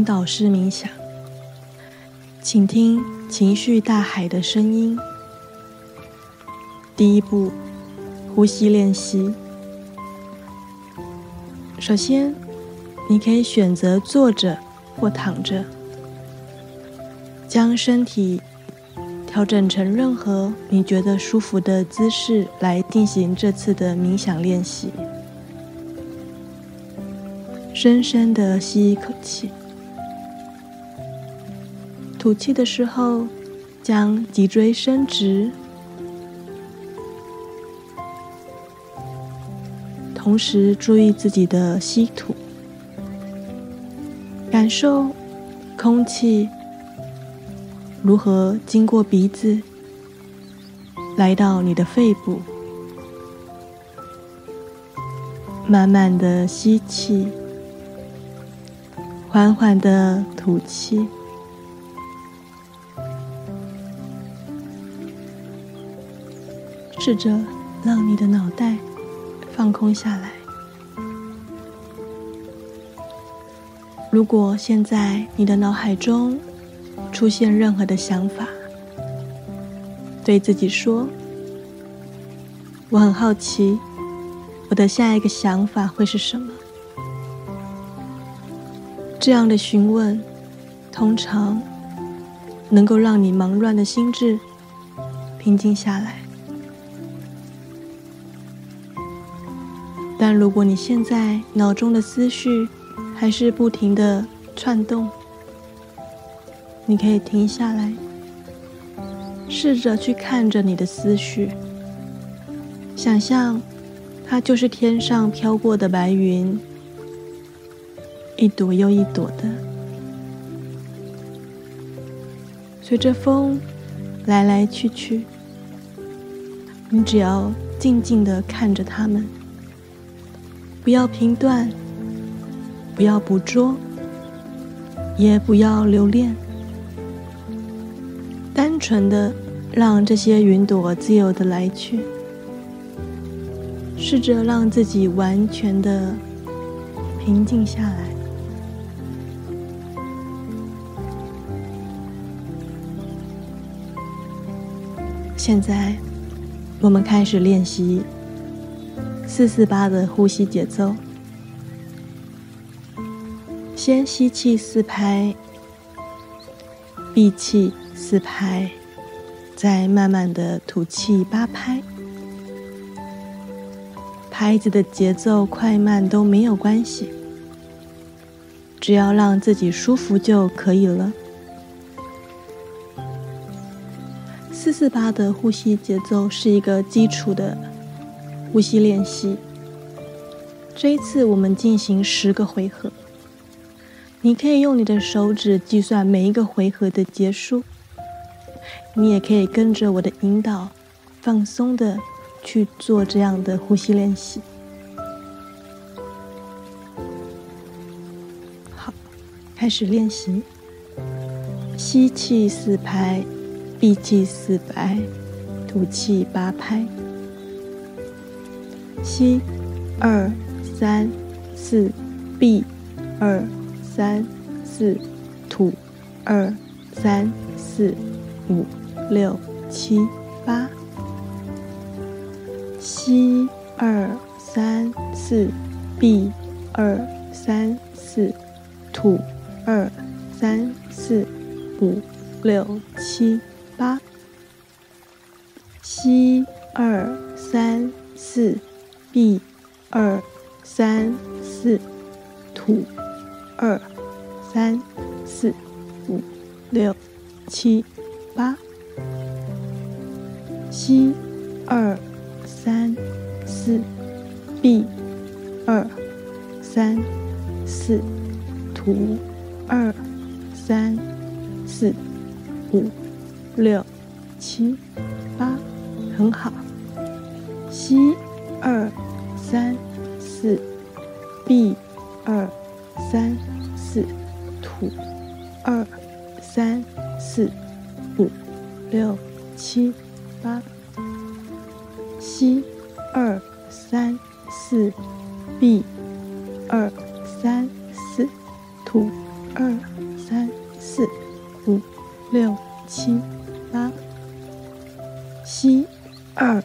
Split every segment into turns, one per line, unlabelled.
引導式冥想，傾聽情緒大海的聲音。第一步，呼吸練習。首先，你可以選擇坐着或躺着，將身體調整成任何你覺得舒服的姿勢來進行這次的冥想練習。深深的吸一口氣。吐氣的時候，將脊椎伸直，同時注意自己的吸吐，感受空氣如何經過鼻子來到你的肺部，慢慢的吸氣，緩緩的吐氣。試着讓你的腦袋放空下來。如果現在你的腦海中出現任何的想法，對自己說：“我很好奇，我的下一個想法會是什麼？”這樣的詢問通常能夠讓你忙亂的心智平靜下來。但如果你現在腦中的思緒還是不停的竄動，你可以停下來，試着去看着你的思緒，想象它就是天上飄過的白雲，一朵又一朵的，隨着風來來去去。你只要靜靜的看着它們。不要評斷，不要捕捉，也不要留戀，單純的讓這些雲朵自由的來去。試着讓自己完全的平靜下來。現在，我們開始練習。四四八的呼吸節奏，先吸氣四拍，閉氣四拍，再慢慢的吐氣八拍。拍子的節奏快慢都沒有關係，只要讓自己舒服就可以了。四四八的呼吸節奏是一個基礎的。呼吸練習。這一次我們進行十個回合。你可以用你的手指計算每一個回合的結束。你也可以跟着我的引導，放鬆的去做這樣的呼吸練習。好，開始練習。吸氣四拍，閉氣四拍，吐氣八拍。吸二三四閉，二三四吐二三四五六七八，吸二三四閉，二三四吐二三四五六七八，吸二三四 B 二三四，吐二三四五六七八，吸二三四 B 二三四吐。七八，吸二三四，閉二三四，吐二三四五，六七八，吸二。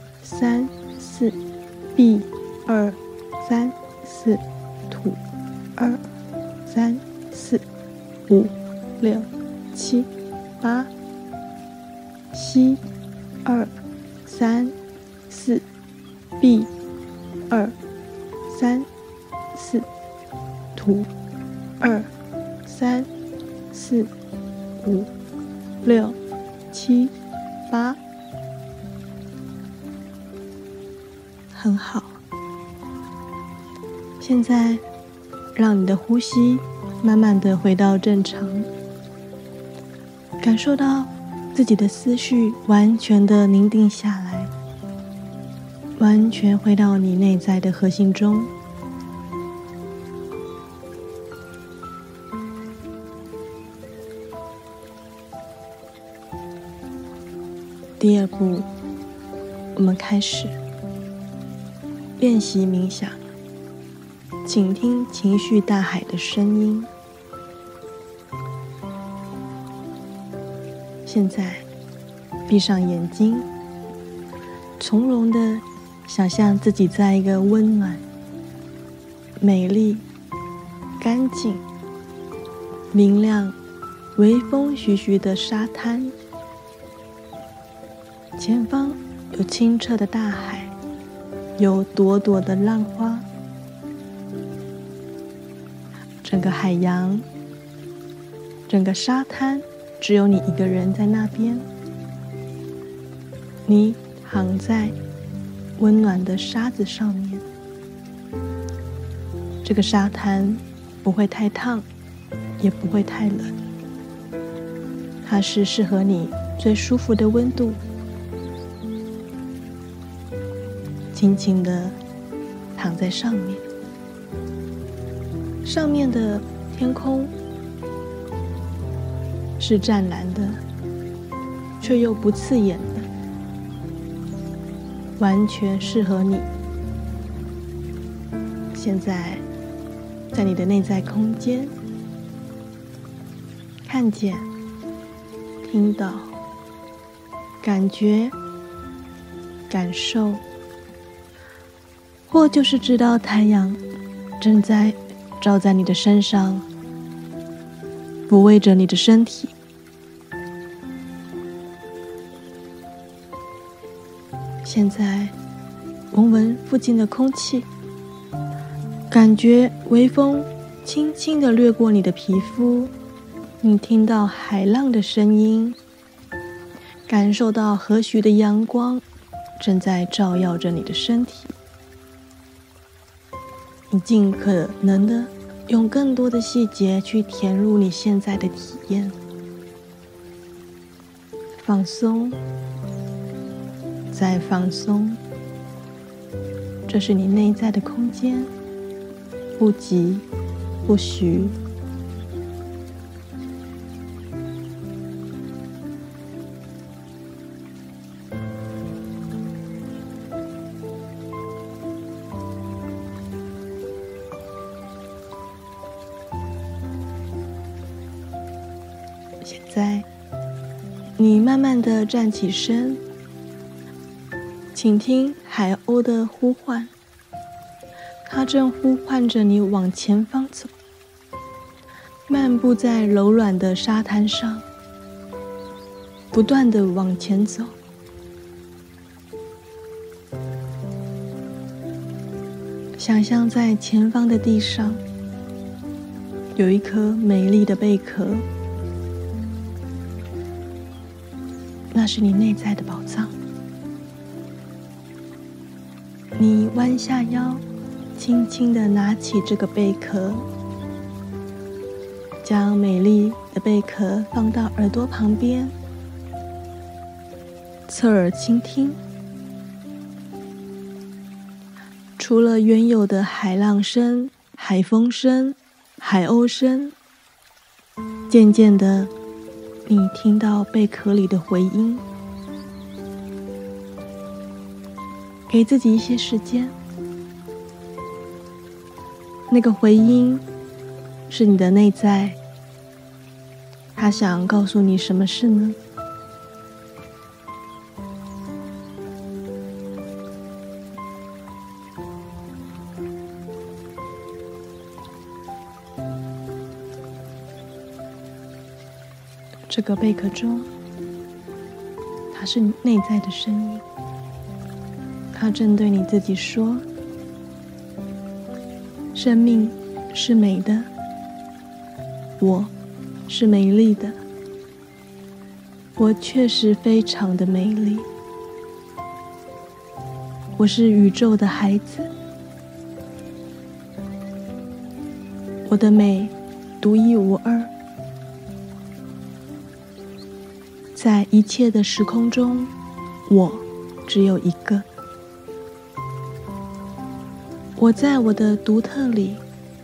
三，四，B，二，三，四，吐，二，三，四，五，六，七，八，很好。現在，讓你的呼吸慢慢的回到正常，感受到自己的思緒完全的寧定下來。完全回到你內在的核心中。第二步，我們開始練習冥想，傾聽情緒大海的聲音。現在，閉上眼睛，從容的。想象自己在一個溫暖、美麗、乾淨、明亮、微風徐徐的沙灘，前方有清澈的大海，有朵朵的浪花，整個海洋、整個沙灘，只有你一個人在那邊，你躺在。溫暖的沙子上面，這個沙灘不會太燙，也不會太冷，它是適合你最舒服的溫度。輕輕的躺在上面，上面的天空是湛藍的，卻又不刺眼的。完全適合你。現在，在你的內在空間，看見、聽到、感覺、感受，或就是知道太陽正在照在你的身上，撫慰着你的身體。現在，聞聞附近的空氣，感覺微風輕輕地掠過你的皮膚，你聽到海浪的聲音，感受到和煦的陽光正在照耀着你的身體。你盡可能的用更多的細節去填入你現在的體驗，放鬆。再放鬆，這是你內在的空間，不急，不徐。現在，你慢慢的站起身。請聽海鷗的呼喚，它正呼喚着你往前方走。漫步在柔軟的沙灘上，不斷地往前走。想象在前方的地上有一顆美麗的貝殼，那是你內在的寶藏。你彎下腰，輕輕的拿起這個貝殼，將美麗的貝殼放到耳朵旁邊，側耳傾聽。除了原有的海浪聲、海風聲、海鷗聲，漸漸的，你聽到貝殼裡的回音。給自己一些時間。那個回音是你的內在，他想告訴你什麼事呢？這個貝殼中，它是你內在的聲音。他正對你自己說：“生命是美的，我是美麗的，我確實非常的美麗。我是宇宙的孩子，我的美獨一無二，在一切的時空中，我只有一個。”我在我的獨特裡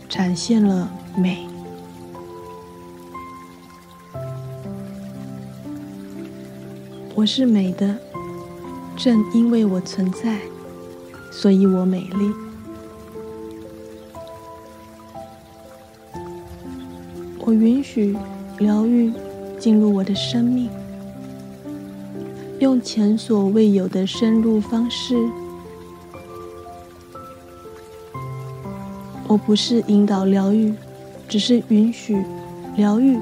展現了美。我是美的，正因為我存在，所以我美麗。我允許療癒進入我的生命，用前所未有的深入方式。我不是引導療癒，只是允許療癒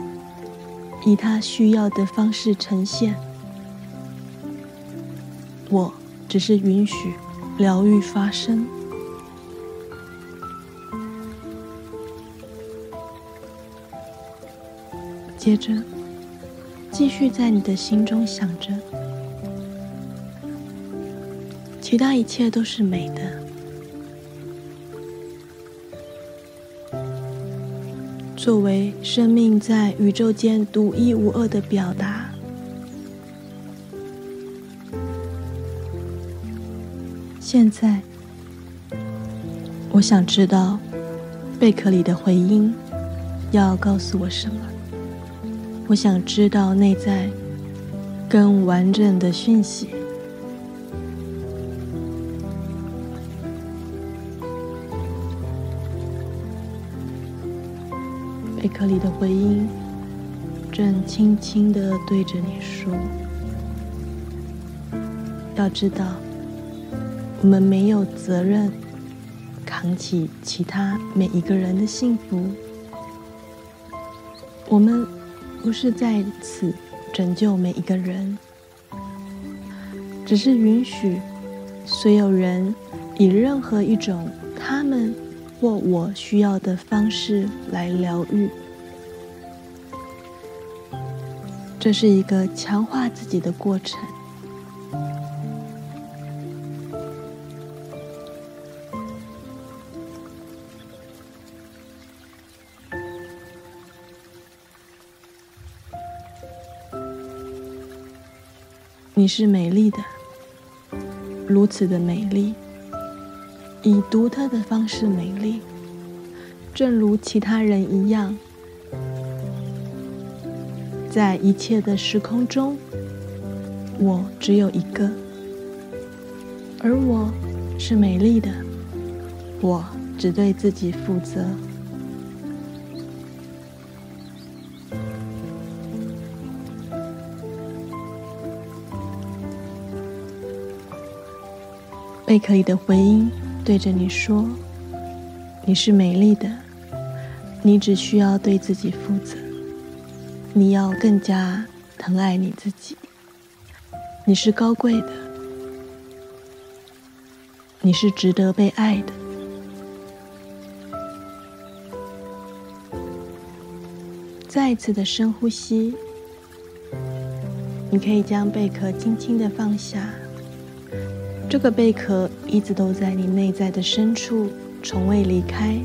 以他需要的方式呈現。我只是允許療癒發生。接着，繼續在你的心中想着，其他一切都是美的。作為生命在宇宙間獨一無二的表達，現在，我想知道貝殼裡的回音要告訴我什麼。我想知道內在更完整的訊息。和你的回音正輕輕的對着你說：“要知道，我們沒有責任扛起其他每一個人的幸福。我們不是在此拯救每一個人，只是允許所有人以任何一種他們或我需要的方式來療癒。”這是一個強化自己的過程。你是美麗的，如此的美麗，以獨特的方式美麗，正如其他人一樣。在一切的時空中，我只有一個，而我是美麗的。我只對自己負責。 貝殼裡的回音對着你說：“你是美麗的，你只需要對自己負責。”你要更加疼愛你自己。你是高貴的，你是值得被愛的。再一次的深呼吸，你可以將貝殼輕輕的放下。這個貝殼一直都在你內在的深處，從未離開。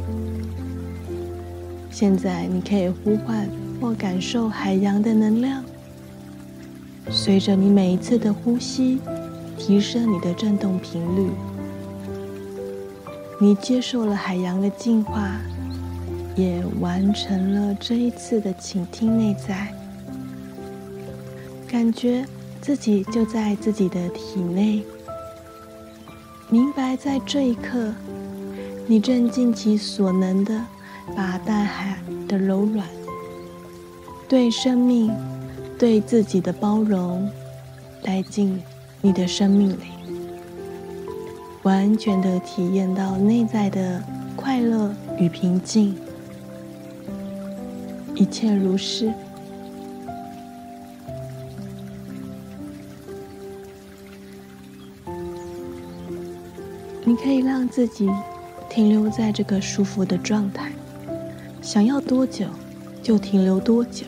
現在你可以呼喚。或感受海洋的能量，隨着你每一次的呼吸，提升你的振動頻率。你接受了海洋的淨化，也完成了這一次的傾聽內在，感覺自己就在自己的體內，明白在這一刻，你正盡其所能的把大海的柔軟。對生命、對自己的包容，帶進你的生命裡，完全的體驗到內在的快樂與平靜，一切如是。你可以讓自己停留在這個舒服的狀態，想要多久就停留多久。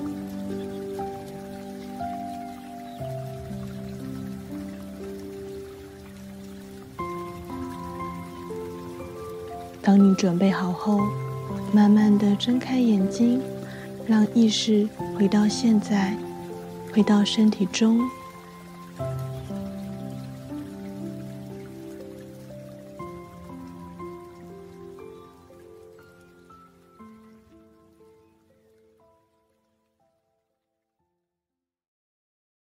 當你準備好後，慢慢地睜開眼睛，讓意識回到現在，回到身體中。